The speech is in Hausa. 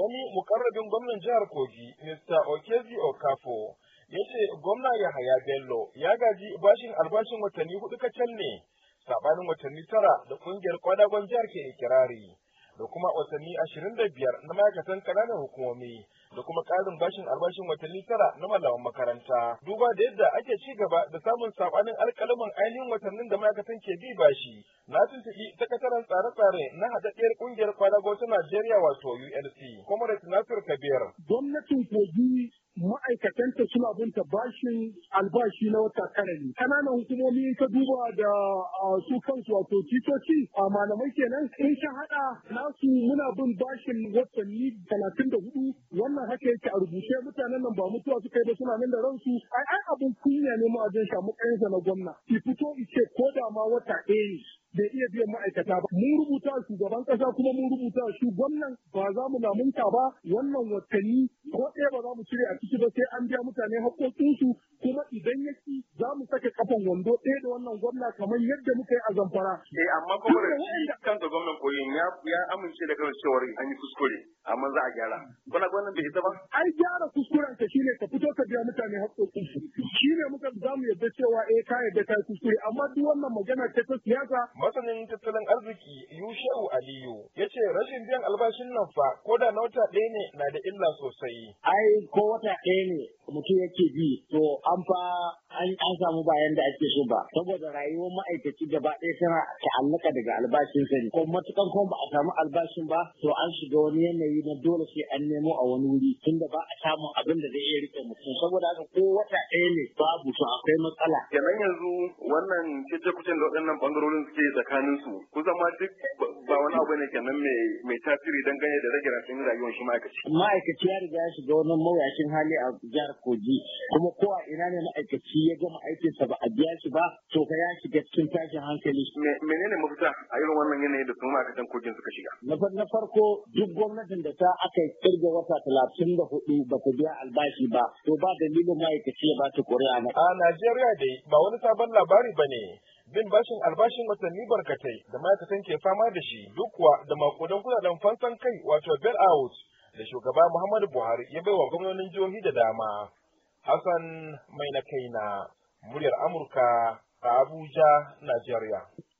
wani mukarrabin gwamnan jihar kogi mr okezi okafo ya ce gwamna yahaya bello ya gaji bashin albashin watanni hudu kacal ne sabanin watanni tara da kungiyar kwadagon jihar ke ikirari da kuma watanni ashirin da biyar na ma'aikatan ƙananan hukumomi da kuma ƙarin bashin albashin watanni tara na malaman makaranta. Duba da yadda ake ci gaba da samun sabanin alƙalamin ainihin watannin da ma'aikatan ke bi bashi. Na tuntuɓi sakataren tsare-tsare na haɗaɗɗiyar ƙungiyar kwalago ta Najeriya wato ULC. Comrade Nasir Kabir. Gwamnatin Kogi ma'aikatanta suna binta bashin albashi na wata tara ne kananan hukumomi ta duba da su kansu wato titoci a malamai kenan in ka hada nasu muna bin bashin watanni talatin da hudu wannan haka yake a rubuce mutanen nan ba mutuwa suka yi ba suna nan da ransu ai ai abin kunya ne ma wajen shamu kayansa na gwamna ki fito ice ko da ma wata ɗaya ne bai iya biyan ma'aikata ba. Mun rubuta shugaban kasa kuma mun rubuta shugaban gwamnan ba za mu munta ba wannan watanni ko ɗaya ba za mu cire a ciki ba sai an biya mutane haƙƙoƙinsu kuma idan ya ci za mu sake kafan wando ɗaya da wannan gwamna kamar yadda muka yi a zamfara. Eh amma kuma da kan gwamnan koyin ya amince da kan cewar an yi kuskure amma za a gyara. Kuna gwamnan bai ita ba? Ai gyara kuskuren ka shine ka fito ka biya mutane haƙƙoƙinsu, Shine muka za mu yarda cewa eh ka yarda ka yi kuskure amma duk wannan magana ta ta siyasa. Masanin tattalin arziki Yushau Aliyu ya ce rashin biyan albashin nan fa ko da na wata ɗaya ne na da illa sosai. Ai ko wata ɗaya ne mutum yake bi to an fa an samu bayan da ake so ba saboda rayuwar ma'aikaci gaba ɗaya tana ta'allaka daga albashin sani. Ko matukan kuma ba a samu albashin ba to an shiga wani yanayi na dole sai an nemo a wani wuri tunda ba a samu abin da zai iya rike mutum saboda haka ko wata ɗaya ne babu to akwai matsala. Kenan yanzu wannan cece kucin da waɗannan ɓangarorin suke tsakanin su kusan ma duk ba wani abu ne kenan mai tasiri gane da rage rasin rayuwar shi ma'aikaci. Ma'aikaci ya riga ya shiga wani mawuyacin hali a jihar Kogi kuma ko a ina ne ma'aikaci ya gama aikinsa ba a biya shi ba to ka ya shiga cikin tashin hankali. Menene mafita a irin wannan yanayi da su ma'aikatan Kogin suka shiga? Na farko duk gwamnatin da ta aka kirga wata talatin da hudu ba ku biya albashi ba to ba dalilin ma'aikaci ya ba ta ƙuri'a na. A Najeriya dai ba wani sabon labari ba ne. bin bashin albashin watanni barkatai da ma'aikatan ke fama da shi duk kuwa da makudan kudaden fansan kai wato bail out da shugaba Muhammadu Buhari ya bai wa gwamnonin jihohi da dama. Hassan mai na kai na muryar Amurka a Abuja, Najeriya.